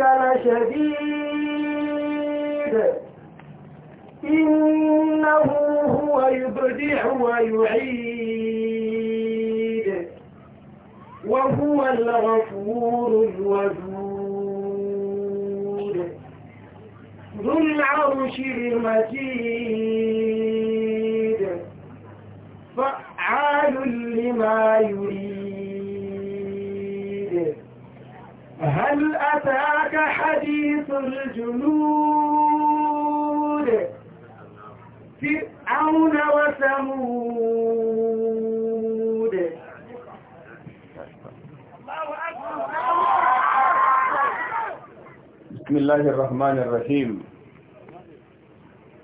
ربك لشديد إنه هو يبدع ويعيد وهو الغفور الودود ذو العرش المجيد فعال لما يريد هل أتاك حديث الجنود فرعون وثمود بسم الله الرحمن الرحيم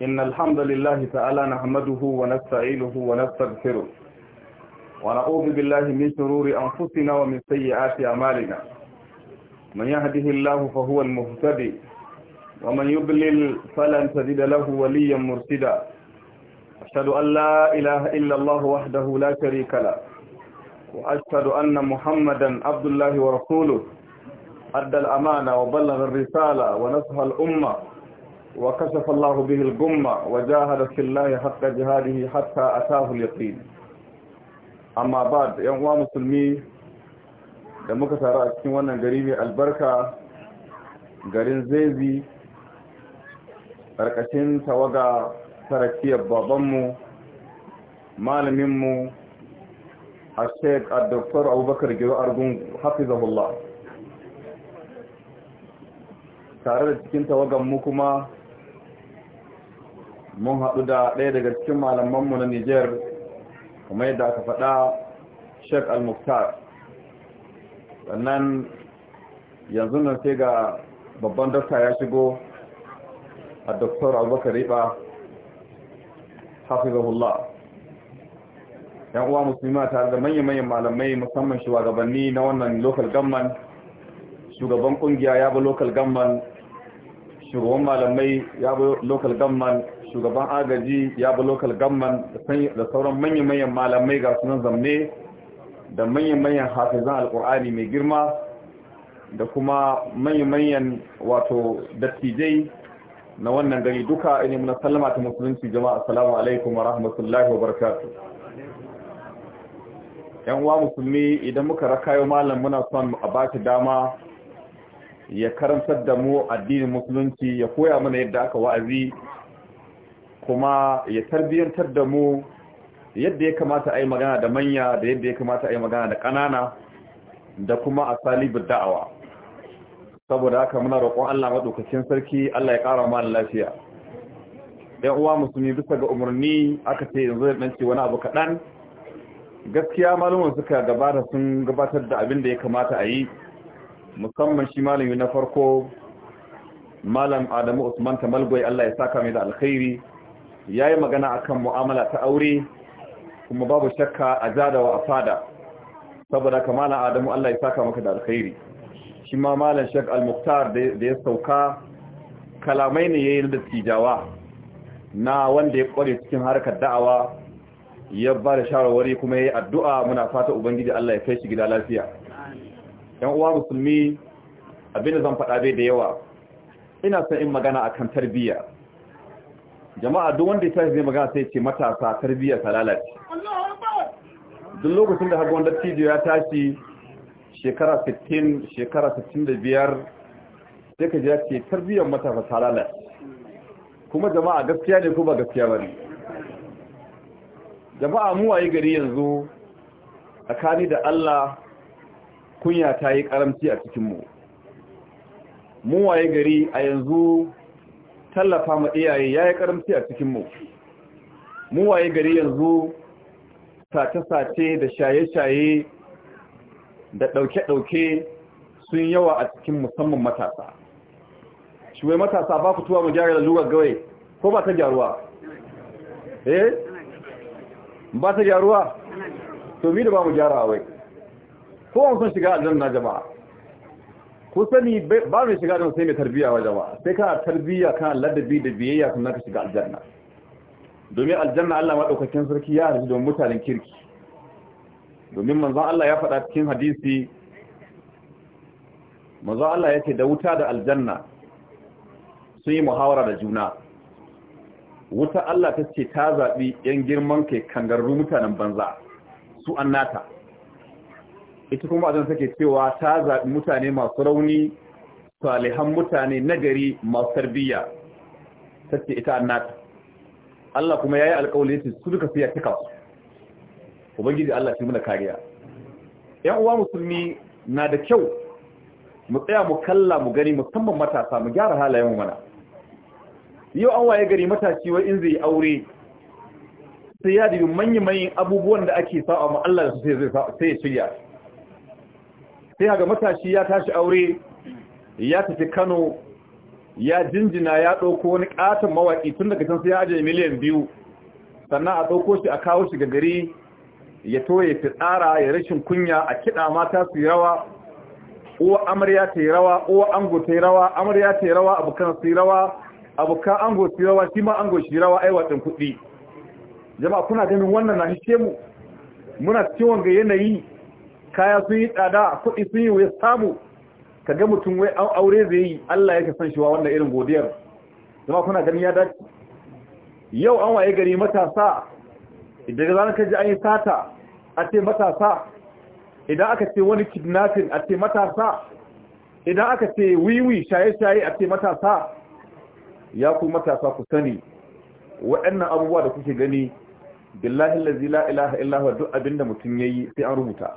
إن الحمد لله تعالى نحمده ونستعينه ونستغفره ونعوذ بالله من شرور أنفسنا ومن سيئات أعمالنا من يهده الله فهو المهتدي ومن يضلل فلن تجد له وليا مرشدا أشهد أن لا إله إلا الله وحده لا شريك له وأشهد أن محمدا عبد الله ورسوله أدى الأمانة وبلغ الرسالة ونصح الأمة وكشف الله به الغمة وجاهد في الله حق جهاده حتى أتاه اليقين أما بعد يا مسلمين da muka taru a cikin wannan gari mai albarka garin zezi ƙarƙashin tawaga sarakiyar babanmu malaminmu a sheik a doktor abubakar giro argungu hafizahullah tare da cikin tawaganmu kuma mun haɗu da ɗaya daga cikin malamanmu na niger kuma yadda aka faɗa sheik al-muktar sannan yanzu nan sai ga babban dasta ya shigo a doktor abubakar riba hafizahullah yan uwa musulma tare da manya-manyan malamai musamman shugabanni na wannan local government shugaban kungiya ya bi local government shugaban malamai ya bi local government shugaban agaji ya bi local government da sauran manya-manyan malamai ga sunan zamne da manyan-manyan hafizan alkur'ani mai girma da kuma manyan-manyan wato dattijai na wannan gari duka ne muna sallama ta musulunci jama'a assalamu alaikum wa rahmatullahi wa barakatu. yan uwa musulmi idan muka rakayo malam muna son a ba dama ya karantar da mu addinin musulunci ya koya mana yadda aka wa'azi kuma ya tarbiyyantar da mu yadda ya kamata a yi magana da manya da yadda ya kamata a yi magana da ƙanana da kuma a salibin da'awa saboda haka muna roƙon Allah maɗaukacin sarki Allah ya ƙara mana lafiya ɗan uwa musulmi bisa ga umarni aka ce yanzu da ɗanci wani abu kaɗan gaskiya malumin suka gabata sun gabatar da abin da ya kamata a yi musamman shi malami na farko malam adamu usman tamalgwai Allah ya saka mai da alkhairi ya yi magana akan mu'amala ta aure kuma babu shakka a jadawa a fada saboda kamala adamu Allah ya saka maka da alkhairi shi ma malam shek al-muktar da ya sauka kalamai ne yi da tijawa na wanda ya kware cikin harkar da'awa ya ba da shawarwari kuma ya yi addu'a muna fata ubangiji Allah ya kai shi gida lafiya yan uwa musulmi abinda zan faɗa bai da yawa ina son in magana akan tarbiyya jama'a duk wanda ya zai magana sai ce matasa tarbiyyar salalar duk lokacin da hagon dattijo ya tashi shekara 60 shekara 65 sai ka ji tarbiyyar matasa salalar kuma jama'a gaskiya ne ko ba gaskiya ba ne jama'a mu wayi gari yanzu tsakani da Allah kunya ta yi karamci a cikinmu mu wayi gari a yanzu tallafa ma iyaye ya yi karamci a cikinmu mu waye gari yanzu sace-sace da shaye-shaye da ɗauke-ɗauke sun yawa a cikin musamman matasa shi wai matasa ba fituwa mu gyara lalurar gawai ko ba ta gyaruwa eh ba ta gyaruwa to mi da ba mu gyara wai ko an son shiga aljanna jama'a ku sani ba mai shiga don sai mai tarbiyya wa jama'a sai kana tarbiya kan ladabi da biyayya kuma ka shiga aljanna domin aljanna Allah maɗaukakin sarki ya harbi don mutanen kirki domin manzon Allah ya faɗa cikin hadisi manzon Allah yake da wuta da aljanna sun yi muhawara da juna wuta Allah ta ce ta zaɓi ‘yan girman kai kangarru mutanen banza su annata ita kuma adon take cewa ta zaɓi mutane masu rauni salihan mutane nagari masu tarbiyya ta ce ita annata Allah kuma ya yi alƙawalin su su duka siya cika su ubangiji Allah shi muna kariya ‘yan uwa musulmi na da kyau mu tsaya mu kalla mu gani musamman matasa mu gyara halayen mu mana yau an waye gari matashi wai in zai aure sai ya dubi manya-manyan abubuwan da ake sa'a ma Allah da su sai ya shirya sai ga matashi ya tashi aure ya tafi Kano ya jinjina ya ɗauko wani ƙaton mawaƙi tun daga can sai ya ajiye miliyan biyu sannan a ɗauko shi a kawo shi ga gari ya toye fi tsara ya rashin kunya a kiɗa mata su yi rawa uwa amarya ta yi rawa uwa ango ta yi rawa amarya ta yi rawa abokan su yi rawa abokan ango su yi rawa shi ma ango shi rawa yi watan kuɗi jama'a kuna ganin wannan na hishe mu muna cikin wanga yanayi kaya sun yi tsada kuɗi sun yi wai samu ka ga mutum wai aure zai yi Allah yake san shi wa wannan irin godiyar zama kuna gani ya dace yau an waye gari matasa idan zan ka ji an yi sata a ce matasa idan aka ce wani kidnapping a ce matasa idan aka ce wiwi shaye-shaye a ce matasa ya ku matasa ku sani waɗannan abubuwa da kuke gani billahi lazi la ilaha illahu duk abinda mutum yayi sai an rubuta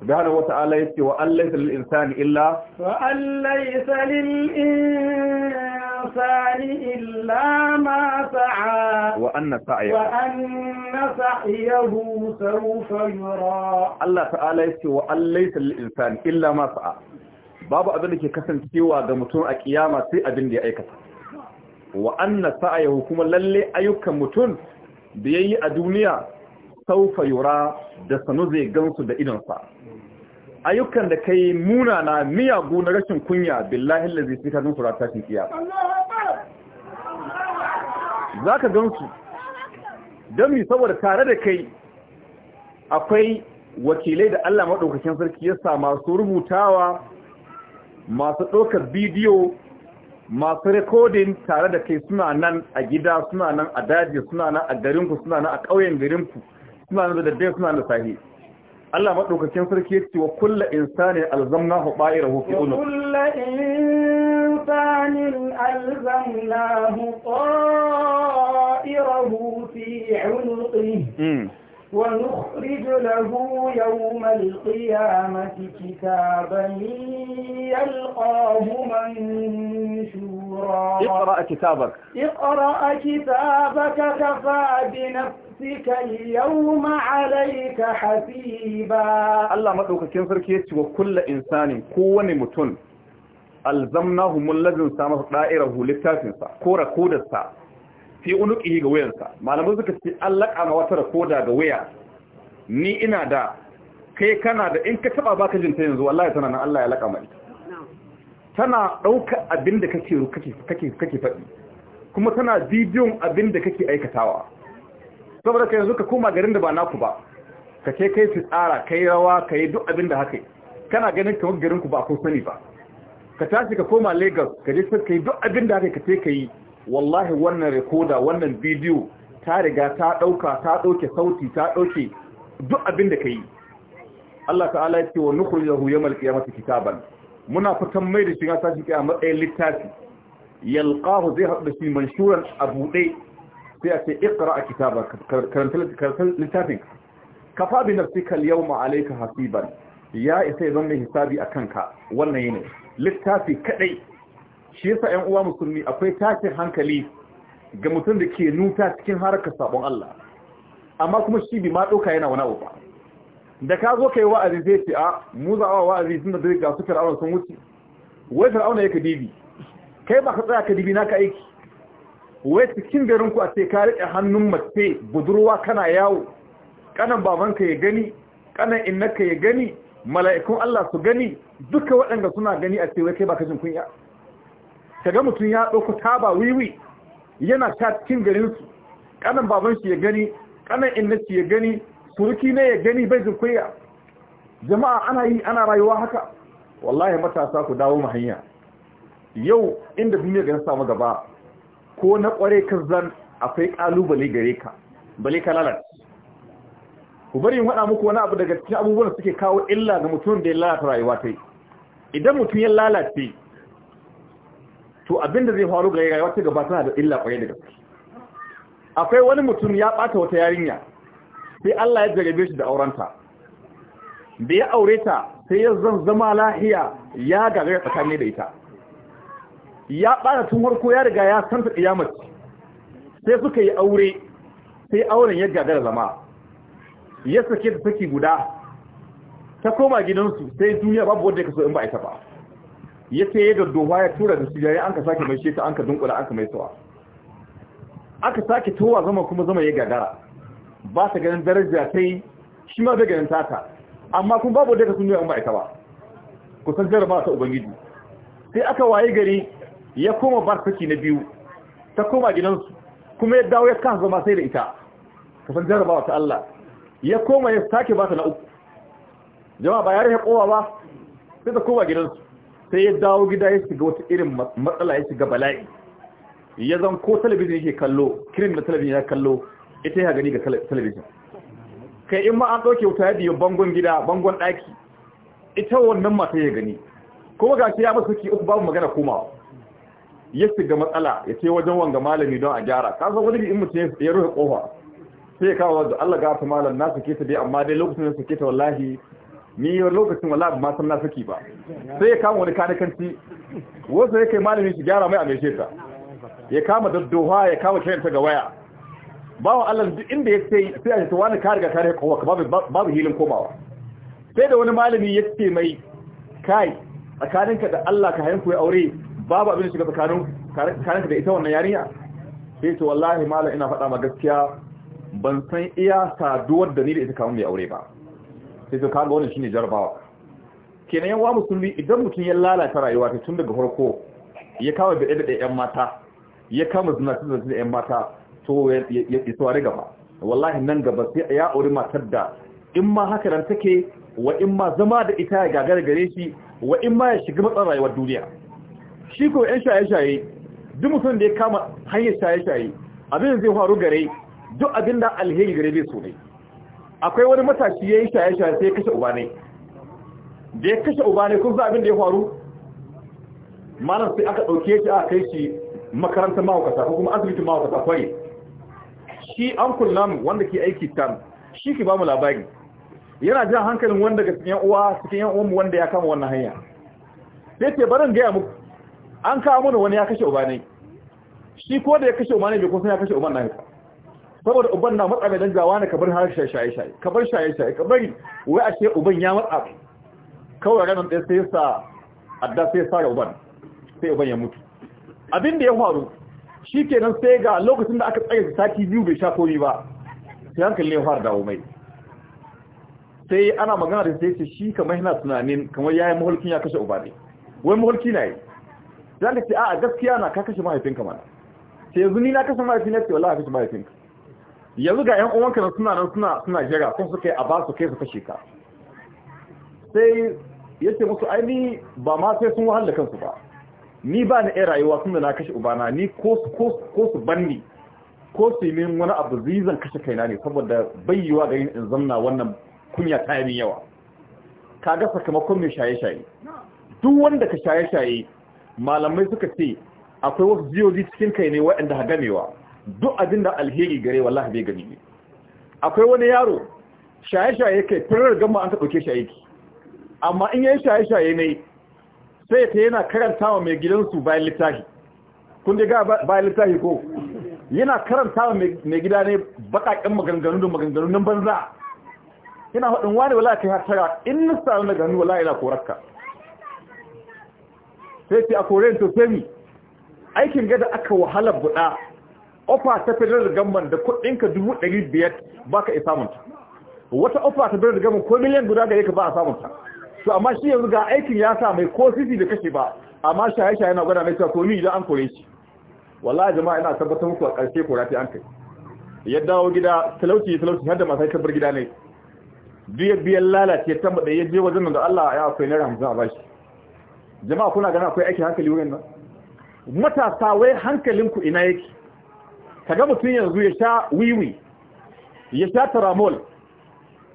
subhanahu wata'ala yace wa allaysa lil insani illa wa allaysa lil insani illa ma sa'a wa anna sa'yahu wa anna sa'yahu sawfa yura Allah ta'ala yace wa allaysa illa ma sa'a babu abin da ke kasancewa ga mutum a kiyama sai abin da ya aikata wa anna sa'yahu kuma lalle ayyukan mutum da yayi a duniya saufa yura da sanu zai gansu da idonsa ayyukan da kai Muna na miyagu na rashin kunya billahi lazi sai ka gansu rata shi fiya za ka gansu don mi saboda tare da kai akwai wakilai da Allah maɗaukakin sarki ya masu rubutawa masu ɗaukar bidiyo masu rikodin tare da kai suna nan a gida suna nan a daji suna nan a garinku suna nan a ƙauyen garinku suna da daddare suna da sahi Allah maɗaukakin sarki ya ce wa kulla insani alzamna hu ba'ira hu fi'un kulla insani alzamna hu ta'ira fi 'unqihi hmm. wa nukhrij lahu yawm al-qiyamati kitaban yalqahu manshura iqra kitabak iqra kitabaka kafa نفسك اليوم عليك حسيبا الله ما دوكا كين سركي يتي وكل انسان كوني متون الزمناهم الذين سامه دائره لتافنسا كورا كودسا fi unuqihi ga wayansa malamin suka ce an laƙa ma wata rakoda ga waya ni ina da kai kana da in ka taba baka jinta yanzu wallahi tana nan Allah ya laƙa mai tana ɗauka abin da kake faɗi kuma tana bidiyon abin da kake aikatawa saboda ka yanzu ka koma garin da ba naku ba ka ce kai su tsara kai rawa ka yi duk abin da haka kana ganin kamar garin ku ba ko sani ba ka tashi ka koma lagos ka je ka yi duk abin da haka ka ce ka yi wallahi wannan rikoda wannan bidiyo ta riga ta dauka ta dauke sauti ta dauke duk abin da ka yi Allah ta'ala ya ce wa nukhrijahu yawmal qiyamati kitaban muna fitan mai da shi ga sashi a matsayin littafi yalqahu zai haɗu da shi manshuran abuɗe sai a ce a kitaba karanta littafin kafa bi nafsika yau ma'alai ka hasiban ya isa ya zama hisabi a kanka. wannan yana littafi kaɗai. shi yasa 'yan uwa musulmi akwai tashin hankali ga mutum da ke nuta cikin harkar sabon Allah amma kuma shi bi ma ɗauka yana wani abu da ka zo kai wa'azi zai ce a mu za a wa'azi sun da ga su fir'auna sun wuce wai ya ka dibi kai ba ka tsaya ka dibi ka aiki wai cikin garinku ku a ce ka riƙe hannun mace budurwa kana yawo kanan babanka ya gani kanan innaka ya gani mala'ikun Allah su gani duka waɗanda suna gani a ce wai kai baka jin kunya kaga mutum ya ɗauko taba wiwi yana ta cikin garinsu su kanan baban shi ya gani kanan inna shi ya gani suruki ne ya gani bai jin kunya jama'a ana yi ana rayuwa haka wallahi matasa ku dawo mu hanya yau inda duniya ga na samu gaba ko na kware ka zan akwai kalubale gare ka bale ka lalata ku bari in faɗa muku wani abu daga cikin abubuwan suke kawo illa ga mutum da ya lalata rayuwa ta yi. idan mutum ya lalace to da zai faru ga rayuwa ta gaba tana da illa kwaye da gaske akwai wani mutum ya ɓata wata yarinya sai Allah ya jarabe shi da aurenta da ya aure ta sai ya zan zama lahiya ya gagara tsakani da ita ya ɓata tun harko ya riga ya santa ƙiyamar sai suka yi aure sai auren ya gagara zama ya sake da saki guda ta koma gidansu sai duniya babu wanda ya kaso in ba ita ba ya ce ya gaddowa ya tura da su jari an ka sake mai sheta an ka dunkula an ka mai sawa aka sake towa zama kuma zama ya gagara ba ta ganin daraja sai shi ma bai ganin tata amma kuma babu wanda ya kaso in ba ita ba kusan jarabawa ta ubangiji sai aka waye gari ya koma barkaci na biyu ta koma gidansu kuma ya dawo ya kan zama sai da ita kafin jarabawa ta Allah ya koma ya sake ba ta na uku jama'a ba ya rage kowa ba sai ta koma gidansu sai ya dawo gida ya shiga wata irin matsala ya shiga bala'i ya zan ko talabijin yake kallo kirin da talabijin ya kallo ita ya gani ga talabijin kai in ma an ɗauke wuta ya biyo bangon gida bangon ɗaki ita wannan mata ya gani kuma ga shi ya masu suke uku babu magana komawa ya shiga matsala ya ce wajen wanga malami don a gyara ka san wani in mutum ya ruhe kofa sai ya kawo da Allah ta malam na sake ta dai amma dai lokacin da sake ta wallahi ni lokacin wallahi ba san na saki ba sai ya kama wani kana wasu ya kai malami shi gyara mai a mai sheta ya kama daddoha ya kama kayan ta ga waya bawa Allah duk inda ya sai sai a ta wani kariga kare kowa babu hilin komawa sai da wani malami ya ce mai kai tsakaninka da Allah ka hayanku ya aure babu abin shiga tsakanin karanka da ita wannan yarinya sai to wallahi malam ina faɗa ma gaskiya ban san iya saduwar da ni da ita kawo mai aure ba sai to kaga wannan shine jarabawa kenan yawa musulmi idan mutum ya lalata rayuwa ta tun daga farko ya kama ɗaya da yan mata ya kama zina tun da yan mata to ya tsare gaba wallahi nan gaba sai ya aure matar da in ma haka nan take wa in ma zama da ita ya gagara gare shi wa in ma ya shiga matsan rayuwar duniya shi ko yan shaye-shaye duk mutum da ya kama hanyar shaye-shaye abin da zai faru gare duk abin da alheri gare zai so ne akwai wani matashi ya yi shaye-shaye sai ya kashe uba ne da ya kashe uba ne kun za abin da ya faru malam sai aka ɗauke shi a kai shi makarantar mahaukata ko kuma asibitin mahaukata kware shi an kullum wanda ke aiki tam shi ke ba mu labari yana jan hankalin wanda ga cikin yan uwa cikin yan uwanmu wanda ya kama wannan hanya sai ce barin gaya mu. an kawo mana wani ya kashe ubanai shi ko da ya kashe ubanai bai kusa ya kashe uban nan saboda uban na matsa mai dangawa ne kabar har shaye shaye shaye kabar shaye shaye kabar wai a ce uban ya matsa kawai ranar da sai sa adda sai sa ga uban sai uban ya mutu abin da ya faru shi kenan sai ga lokacin da aka tsaye sati biyu bai sha komai ba sai hankali ya fara dawo mai sai ana magana da sai ce shi kamar yana tunanin kamar yayin mahulkin ya kashe uba ne wai mahulki na yi za ka ce a gaskiya na ka kashe mahaifinka mana sai yanzu ni na kashe mahaifinka ce wallahi kashe mahaifinka yanzu ga yan uwanka na suna nan suna suna jira kun suka yi a basu su kai su kashe ka sai yace musu ai ni ba ma sai sun wahala kansu ba ni ba ni ɗaya rayuwa tun da na kashe ubana ni ko su banni ko su yi min wani abu zizan kashe kaina ne saboda bayyuwa ga yin in zamna wannan kunya ta yi yawa kaga sakamakon mai shaye-shaye duk wanda ka shaye-shaye malamai suka ce akwai wasu jiyoyi cikin kai ne waɗanda ha gamewa duk abin da alheri gare wallahi bai gani ne akwai wani yaro shaye-shaye kai firar gama an ka ɗauke shi amma in yayi shaye-shaye ne sai ta yana karanta wa mai gidansu bayan littafi kun ga bayan littafi ko yana karanta wa mai gida ne baƙaƙen maganganu da maganganun banza yana haɗin wani wala kai hatara in nisa wani gani wala yana korarka sai ce a koren to aikin gada aka wahala buɗa ofa ta da gamban da kuɗinka dubu ɗari biyar ba ka iya samunta wata ofa ta da gamban ko miliyan guda gare ka ba a samunta to amma shi yanzu ga aikin ya sa mai ko sisi da kashe ba amma shaye-shaye na gwada mai cewa komi idan an kore shi wallahi jama'a ina tabbatar muku a ƙarshe kora ta an kai ya dawo gida talauci talauci har da masai tabbar gida ne biyar biyar lalace ta maɗa ya je wajen da Allah ya akwai naira hamsin a bashi jama'a kuna gana akwai aikin hankali wurin nan matasa wai hankalinku ina yake Ka ga mutum yanzu ya sha wiwi ya sha taramol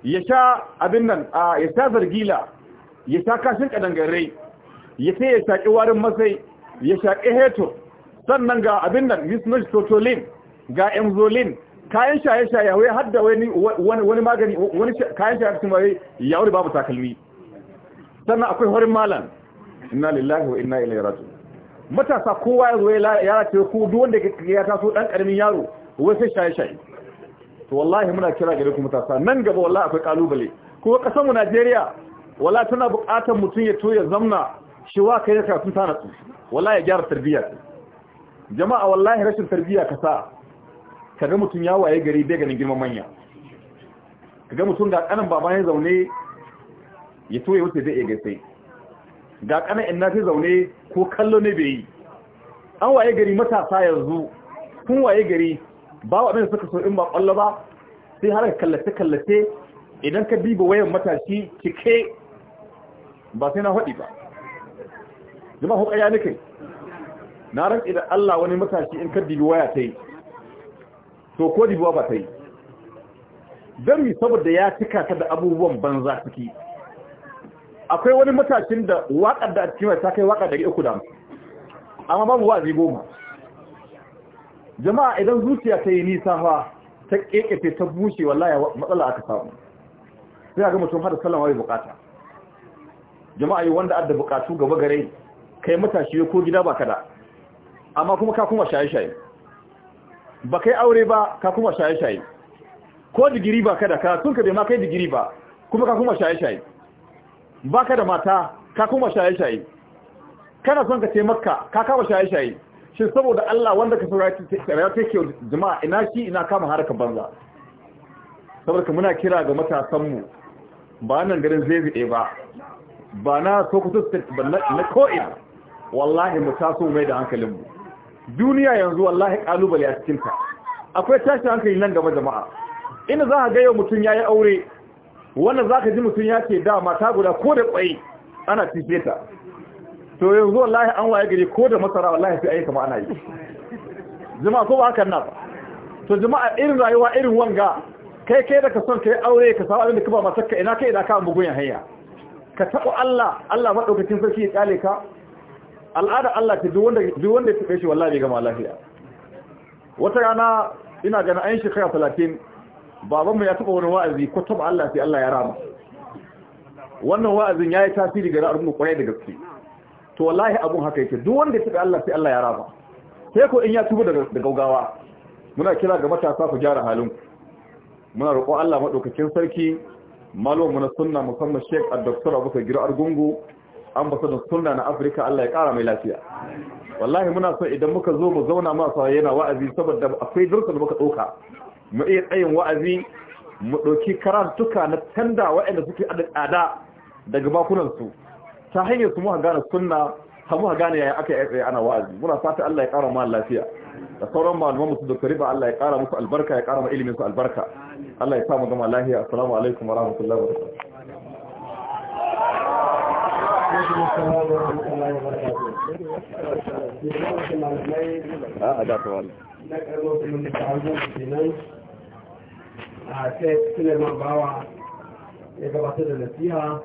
ya sha abin nan ya sha zargila ya sha kashin kadangarai, ya sai ya shaƙi warin masai ya shaƙi heto sannan ga abin nan misnosh totolin ga emzolin kayan shaye-shaye wai hadda wani wani magani wani kayan shaye-shaye ya wuri babu takalmi sannan akwai horin malam inna lillahi wa inna ilaihi raji'un matasa kowa ya zo ya race ko duk wanda ya taso dan karamin yaro wai sai shaye shaye to wallahi muna kira gare ku matasa nan gaba wallahi akwai kalubale kuma kasar mu Najeriya wallahi tana buƙatar mutum ya toye zamna shi wa kai ka sun tana wallahi ya gyara tarbiyya jama'a wallahi rashin tarbiyya kasa kaga mutum ya waye gari bai ganin girman manya kaga mutum ga kanan baba ya zaune ya toye wuce zai iya gaisai ga kanan in fi zaune ko kallo ne bai yi an waye gari matasa yanzu kun waye gari ba waɗanda suka so in ba ƙwallo ba sai har ka kallace-kallace idan ka diba wayan matashi cike ba sai na haɗi ba jima ko ƙaya nake na ran da Allah wani matashi in ka dibi waya ta yi to ko dibuwa ba ta yi mi saboda ya cika ta da abubuwan banza suke. akwai wani matashin da waƙar da cikin ta kai waƙar da uku da amma babu wazi goma jama'a idan zuciya ta yi nisa fa ta ƙeƙe ta bushe wallahi matsala aka samu sai ga mutum hada sallama mai bukata jama'a yi wanda adda bukatu gaba gare kai matashi ko gida ba kada amma kuma ka kuma shaye-shaye ba kai aure ba ka kuma shaye-shaye ko digiri ba kada ka sun ka bai ma kai digiri ba kuma ka kuma shaye-shaye baka da mata ka kuma shaye-shaye kana son ka ce makka ka kama shaye-shaye shi saboda Allah wanda ka saurari ke jama'a ina shi ina kama harkar banza saboda ka muna kira ga matasanmu ba nan garin zai zai ba ba na sokoto na ko'ina wallahi mu taso mai da hankalinmu duniya yanzu wallahi kalubale a cikinta akwai tashin hankali nan gaba jama'a ina za a ga yau mutum ya yi aure wannan za ka ji mutum ya ce da mata guda ko da kwaye ana cice ta to yanzu wallahi an waye gari ko da masara wallahi sai ayi kama ana yi jama'a ko ba hakan na to jama'a irin rayuwa irin wanga kai kai da ka son kai aure ka samu abin da ka ba ka ina kai ina ka bugun ya hanya ka taɓa Allah Allah maɗaukacin sarki ya kyale ka al'ada Allah ta duk wanda duk wanda ya shi wallahi bai gama lafiya wata rana ina ganin shi shekara talatin. babanmu ya taba wani wa'azi ko taba Allah sai Allah ya rama wannan wa'azin ya yi tasiri ga ra'ayin mu kwarai da gaske to wallahi abun haka yake duk wanda ya taba Allah sai Allah ya rama sai ko in ya tuba da gaugawa muna kira ga matasa ku jara halin ku muna roƙo Allah madaukakin sarki malamu na sunna musamman Sheikh Abdul Abu Gira Argungu ambasadin sunna na Afirka Allah ya ƙara mai lafiya wallahi muna so idan muka zo mu zauna sa yana wa'azi saboda akwai dursa da muka ɗauka mu iya tsayin wa'azi mu ɗauki karantuka na tanda waɗanda suke da tsada daga bakunansu ta hanyar su muka gane sunna ta muka gane yaya aka yi tsaye ana wa'azi muna fata Allah ya ƙara ma lafiya da sauran malaman musu da kariba Allah ya ƙara musu albarka ya ƙara ma ilimin su albarka Allah ya sa mu gama lafiya assalamu alaikum wa rahmatullahi wa barakatuh a da tawalla na karbar kuma da ta'azzur kenan a sai suleiman bawa ya gabatar da nasiha